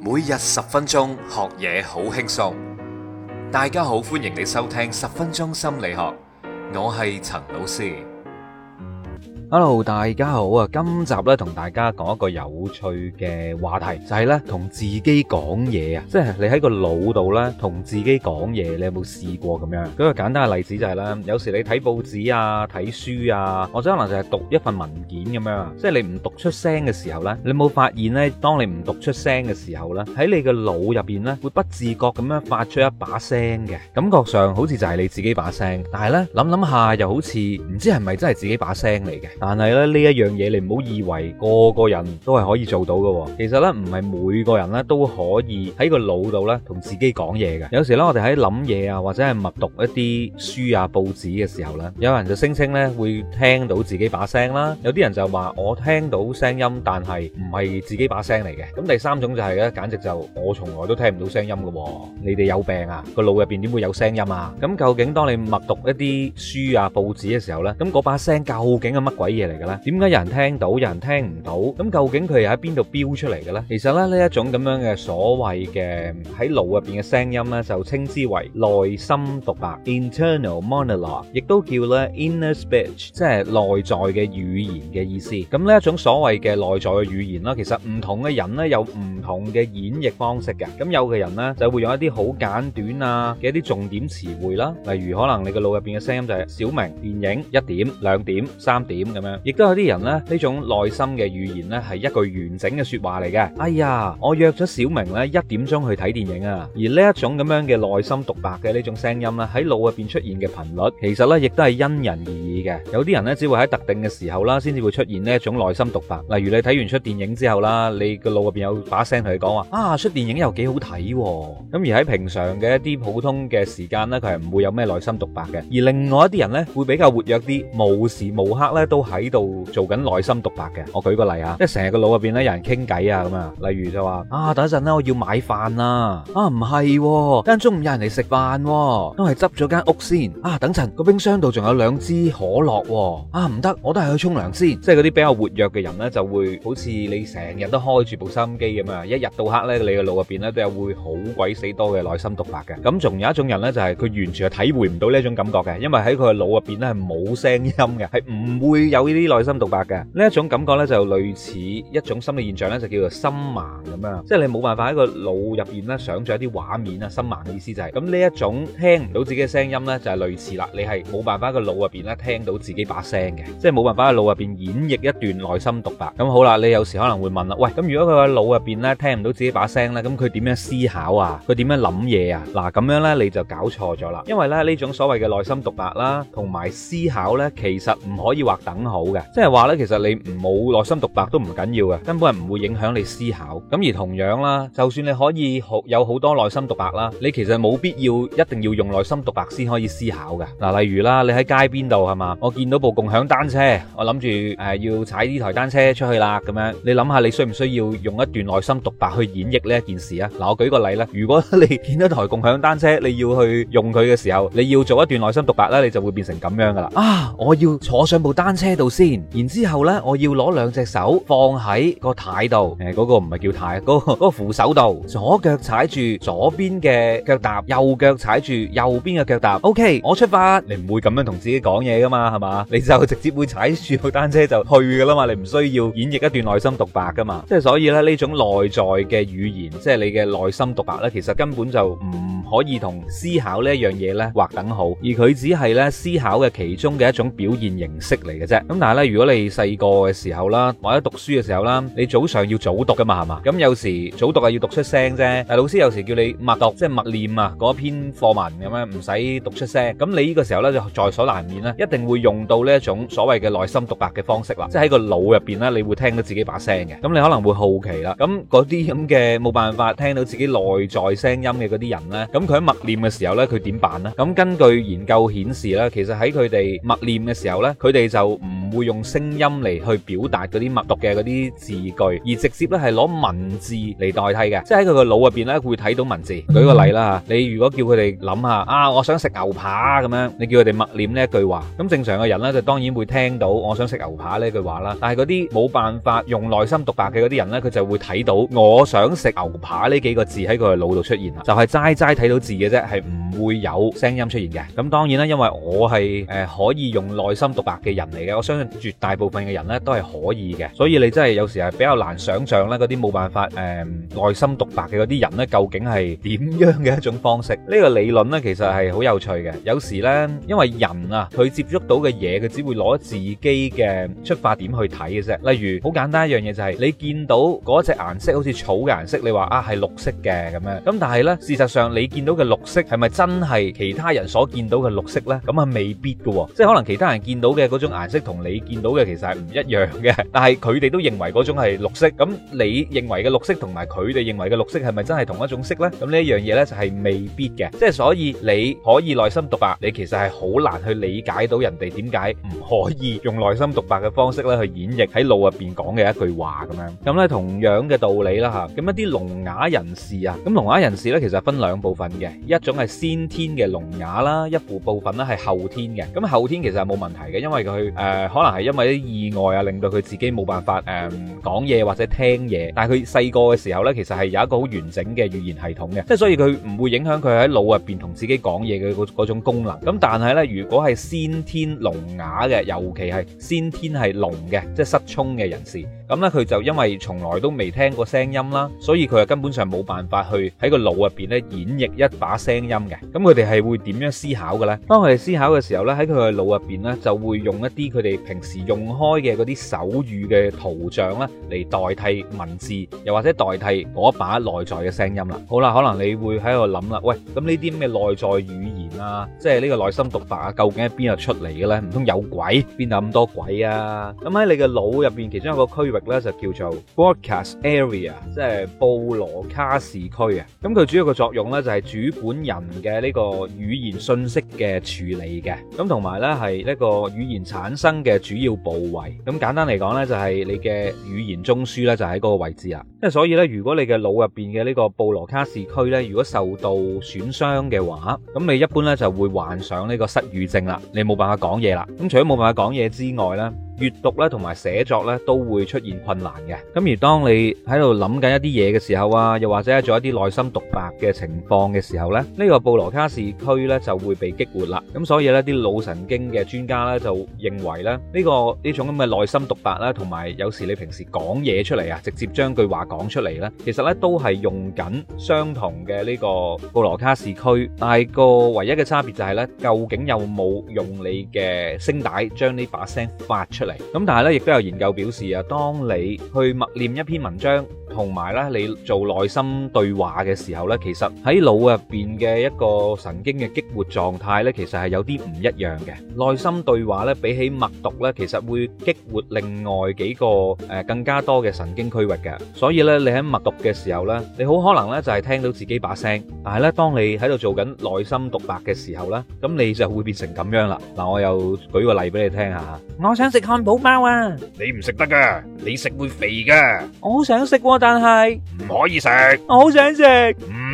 每日十分鐘學嘢好輕鬆，大家好，歡迎你收聽十分鐘心理學，我係陳老師。Hello，大家好啊！今集咧，同大家講一個有趣嘅話題，就係咧，同自己講嘢啊！即係你喺個腦度咧，同自己講嘢，你有冇試過咁樣？舉個簡單嘅例子就係啦，有時你睇報紙啊、睇書啊，或者可能就係讀一份文件咁樣，即係你唔讀出聲嘅時候呢，你冇發現呢，當你唔讀出聲嘅時候呢，喺你嘅腦入邊呢，會不自覺咁樣發出一把聲嘅，感覺上好似就係你自己把聲，但係呢，諗諗下又好似唔知係咪真係自己把聲嚟嘅。但係咧，呢一樣嘢，你唔好以為個個人都係可以做到㗎喎。其實咧，唔係每個人咧都可以喺個腦度咧同自己講嘢嘅。有時咧我哋喺諗嘢啊，或者係默讀一啲書啊報紙嘅時候咧，有人就聲稱咧會聽到自己把聲啦。有啲人就話，我聽到聲音，但係唔係自己把聲嚟嘅。咁第三種就係咧，簡直就我從來都聽唔到聲音㗎喎。你哋有病啊？個腦入邊點會有聲音啊？咁究竟當你默讀一啲書啊報紙嘅時候咧，咁嗰把聲究竟係乜鬼？啲嘢嚟㗎咧？點解有人聽到，有人聽唔到？咁究竟佢又喺邊度飚出嚟㗎咧？其實咧，呢一種咁樣嘅所謂嘅喺腦入邊嘅聲音咧，就稱之為內心獨白 （internal monologue），亦都叫咧 inner speech，即係內在嘅語言嘅意思。咁呢一種所謂嘅內在嘅語言啦，其實唔同嘅人咧有唔同嘅演繹方式嘅。咁有嘅人咧就會用一啲好簡短啊嘅一啲重點詞彙啦，例如可能你嘅腦入邊嘅聲音就係小明電影一點兩點三點。亦都有啲人咧呢種內心嘅語言咧係一句完整嘅說話嚟嘅。哎呀，我約咗小明咧一點鐘去睇電影啊！而呢一種咁樣嘅內心獨白嘅呢種聲音咧，喺腦入邊出現嘅頻率，其實咧亦都係因人而異嘅。有啲人咧只會喺特定嘅時候啦，先至會出現呢一種內心獨白。例如你睇完出電影之後啦，你個腦入邊有把聲同你講話啊，出電影又幾好睇咁喎。而喺平常嘅一啲普通嘅時間咧，佢係唔會有咩內心獨白嘅。而另外一啲人咧會比較活躍啲，無時無刻咧都。喺度做緊內心獨白嘅，我舉個例啊，即係成日個腦入邊咧有人傾偈啊咁啊，例如就話啊，等一陣啦，我要買飯啦，啊唔係，今日中午有人嚟食飯喎，都係執咗間屋先，啊等陣個冰箱度仲有兩支可樂喎，啊唔得，我都係去沖涼先，即係嗰啲比較活躍嘅人咧就會好似你成日都開住部收音機咁啊，一日到黑咧你個腦入邊咧都有會好鬼死多嘅內心獨白嘅，咁仲有一種人咧就係佢完全係體會唔到呢一種感覺嘅，因為喺佢個腦入邊咧係冇聲音嘅，係唔會有。有呢啲內心獨白嘅呢一種感覺咧，就類似一種心理現象咧，就叫做心盲咁樣，即係你冇辦法喺個腦入邊咧，想象一啲畫面啊。心盲嘅意思就係咁呢一種聽唔到自己嘅聲音咧，就係類似啦。你係冇辦法喺個腦入邊咧，聽到自己把聲嘅，即係冇辦法喺腦入邊演繹一段內心獨白。咁好啦，你有時可能會問啦，喂，咁如果佢個腦入邊咧聽唔到自己把聲咧，咁佢點樣思考啊？佢點樣諗嘢啊？嗱，咁樣咧你就搞錯咗啦。因為咧呢種所謂嘅內心獨白啦，同埋思考咧，其實唔可以話等。好嘅，即係話咧，其實你唔冇內心獨白都唔緊要嘅，根本係唔會影響你思考。咁而同樣啦，就算你可以學有好多內心獨白啦，你其實冇必要一定要用內心獨白先可以思考嘅。嗱，例如啦，你喺街邊度係嘛，我見到部共享單車，我諗住誒要踩呢台單車出去啦咁樣。你諗下，你需唔需要用一段內心獨白去演繹呢一件事啊？嗱，我舉個例啦，如果你見到台共享單車，你要去用佢嘅時候，你要做一段內心獨白啦，你就會變成咁樣噶啦。啊，我要坐上部單車。車度先，然之後呢，我要攞兩隻手放喺個軚度，誒、呃，嗰、嗰個唔係叫軚，嗰、嗰、嗰、個嗰個扶手度。左腳踩住左邊嘅腳踏，右腳踩住右邊嘅腳踏。O、okay, K，我出發，你唔會咁樣同自己講嘢噶嘛，係嘛？你就直接會踩住個單車就去噶啦嘛，你唔需要演繹一段內心獨白噶嘛。即係所以咧，呢種內在嘅語言，即係你嘅內心獨白呢，其實根本就唔可以同思考一呢一樣嘢咧劃等號，而佢只係咧思考嘅其中嘅一種表現形式嚟嘅啫。咁但係咧，如果你細個嘅時候啦，或者讀書嘅時候啦，你早上要早讀噶嘛，係嘛？咁有時早讀啊，要讀出聲啫。但係老師有時叫你默讀，即係默念啊嗰篇課文咁樣，唔使讀出聲。咁你呢個時候咧，就在所難免啦，一定會用到呢一種所謂嘅內心獨白嘅方式啦。即係喺個腦入邊咧，你會聽到自己把聲嘅。咁你可能會好奇啦。咁嗰啲咁嘅冇辦法聽到自己內在聲音嘅嗰啲人咧，咁佢喺默念嘅時候咧，佢點辦咧？咁根據研究顯示啦，其實喺佢哋默念嘅時候咧，佢哋就。會用聲音嚟去表達嗰啲默讀嘅嗰啲字句，而直接咧係攞文字嚟代替嘅，即係喺佢個腦入邊咧，會睇到文字。舉個例啦吓，你如果叫佢哋諗下啊，我想食牛扒咁樣，你叫佢哋默念呢一句話。咁正常嘅人咧，就當然會聽到我想食牛扒呢句話啦，但係嗰啲冇辦法用內心獨白嘅嗰啲人咧，佢就會睇到我想食牛扒呢幾個字喺佢個腦度出現啦，就係齋齋睇到字嘅啫，係唔。唔會有聲音出現嘅。咁當然啦，因為我係誒可以用內心獨白嘅人嚟嘅。我相信絕大部分嘅人咧都係可以嘅。所以你真係有時係比較難想像咧，嗰啲冇辦法誒內心獨白嘅嗰啲人咧，究竟係點樣嘅一種方式？呢個理論咧其實係好有趣嘅。有時咧，因為人啊，佢接觸到嘅嘢，佢只會攞自己嘅出發點去睇嘅啫。例如好簡單一樣嘢就係你見到嗰隻顏色好似草嘅顏色，你話啊係綠色嘅咁樣。咁但係咧，事實上你見到嘅綠色係咪？真係其他人所見到嘅綠色咧，咁係未必嘅，即係可能其他人見到嘅嗰種顏色同你見到嘅其實係唔一樣嘅。但係佢哋都認為嗰種係綠色，咁你認為嘅綠色同埋佢哋認為嘅綠色係咪真係同一種色咧？咁呢一樣嘢咧就係未必嘅。即係所以你可以內心獨白，你其實係好難去理解到人哋點解唔可以用內心獨白嘅方式咧去演繹喺腦入邊講嘅一句話咁樣。咁咧同樣嘅道理啦嚇，咁一啲聾啞人士啊，咁聾啞人士咧其實分兩部分嘅，一種係私先天嘅聾啞啦，一部部分咧係後天嘅，咁後天其實係冇問題嘅，因為佢誒、呃、可能係因為啲意外啊，令到佢自己冇辦法誒講嘢或者聽嘢，但係佢細個嘅時候呢，其實係有一個好完整嘅語言系統嘅，即係所以佢唔會影響佢喺腦入邊同自己講嘢嘅嗰嗰種功能。咁但係呢，如果係先天聾啞嘅，尤其係先天係聾嘅，即係失聰嘅人士。咁咧，佢就因為從來都未聽過聲音啦，所以佢啊根本上冇辦法去喺個腦入邊咧演繹一把聲音嘅。咁佢哋係會點樣思考嘅呢？當佢哋思考嘅時候咧，喺佢嘅腦入邊咧就會用一啲佢哋平時用開嘅嗰啲手語嘅圖像咧嚟代替文字，又或者代替嗰一把內在嘅聲音啦。好啦，可能你會喺度諗啦，喂，咁呢啲咩內在語啊，即係呢個內心獨白啊，究竟喺邊度出嚟嘅咧？唔通有鬼，邊度咁多鬼啊？咁喺你嘅腦入邊其中一個區域咧就叫做 Broca's area，即係布羅卡氏區啊。咁佢主要嘅作用咧就係主管人嘅呢個語言信息嘅處理嘅，咁同埋咧係呢個語言產生嘅主要部位。咁簡單嚟講咧，就係你嘅語言中樞咧就喺個位置啊，即係所以咧，如果你嘅腦入邊嘅呢個布羅卡氏區咧，如果受到損傷嘅話，咁你一般咧就會患上呢個失語症啦，你冇辦法講嘢啦。咁除咗冇辦法講嘢之外咧，閱讀咧同埋寫作咧都會出現困難嘅。咁而當你喺度諗緊一啲嘢嘅時候啊，又或者做一啲內心獨白嘅情況嘅時候呢，呢、呢個布羅卡氏區咧就會被激活啦。咁所以呢啲腦神經嘅專家呢，就認為咧呢、呢個呢種咁嘅內心獨白呢，同埋有時你平時講嘢出嚟啊，直接將句話講出嚟呢，其實呢都係用緊相同嘅呢個布羅卡氏區，但係個唯一嘅差別就係、係、呢，究竟有冇用你嘅聲帶將呢把聲發出。咁但係咧，亦都有研究表示啊，當你去默念一篇文章，同埋咧你做內心對話嘅時候咧，其實喺腦入邊嘅一個神經嘅激活狀態咧，其實係有啲唔一樣嘅。內心對話咧，比起默讀咧，其實會激活另外幾個誒更加多嘅神經區域嘅。所以咧，你喺默讀嘅時候咧，你好可能咧就係聽到自己把聲。但係咧，當你喺度做緊內心獨白嘅時候咧，咁你就會變成咁樣啦。嗱，我又舉個例俾你聽下，我想食康。寶貓啊！你唔食得噶，你食會肥噶。我好想食，啊，但係唔可以食。我好想食。嗯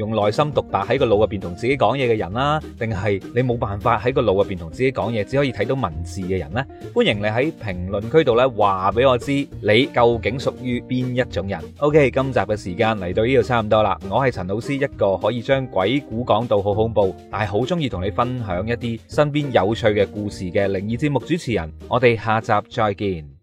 用內心獨白喺個腦入邊同自己講嘢嘅人啦，定係你冇辦法喺個腦入邊同自己講嘢，只可以睇到文字嘅人呢？歡迎你喺評論區度呢，話俾我知，你究竟屬於邊一種人？OK，今集嘅時間嚟到呢度差唔多啦。我係陳老師，一個可以將鬼故講到好恐怖，但係好中意同你分享一啲身邊有趣嘅故事嘅靈異節目主持人。我哋下集再見。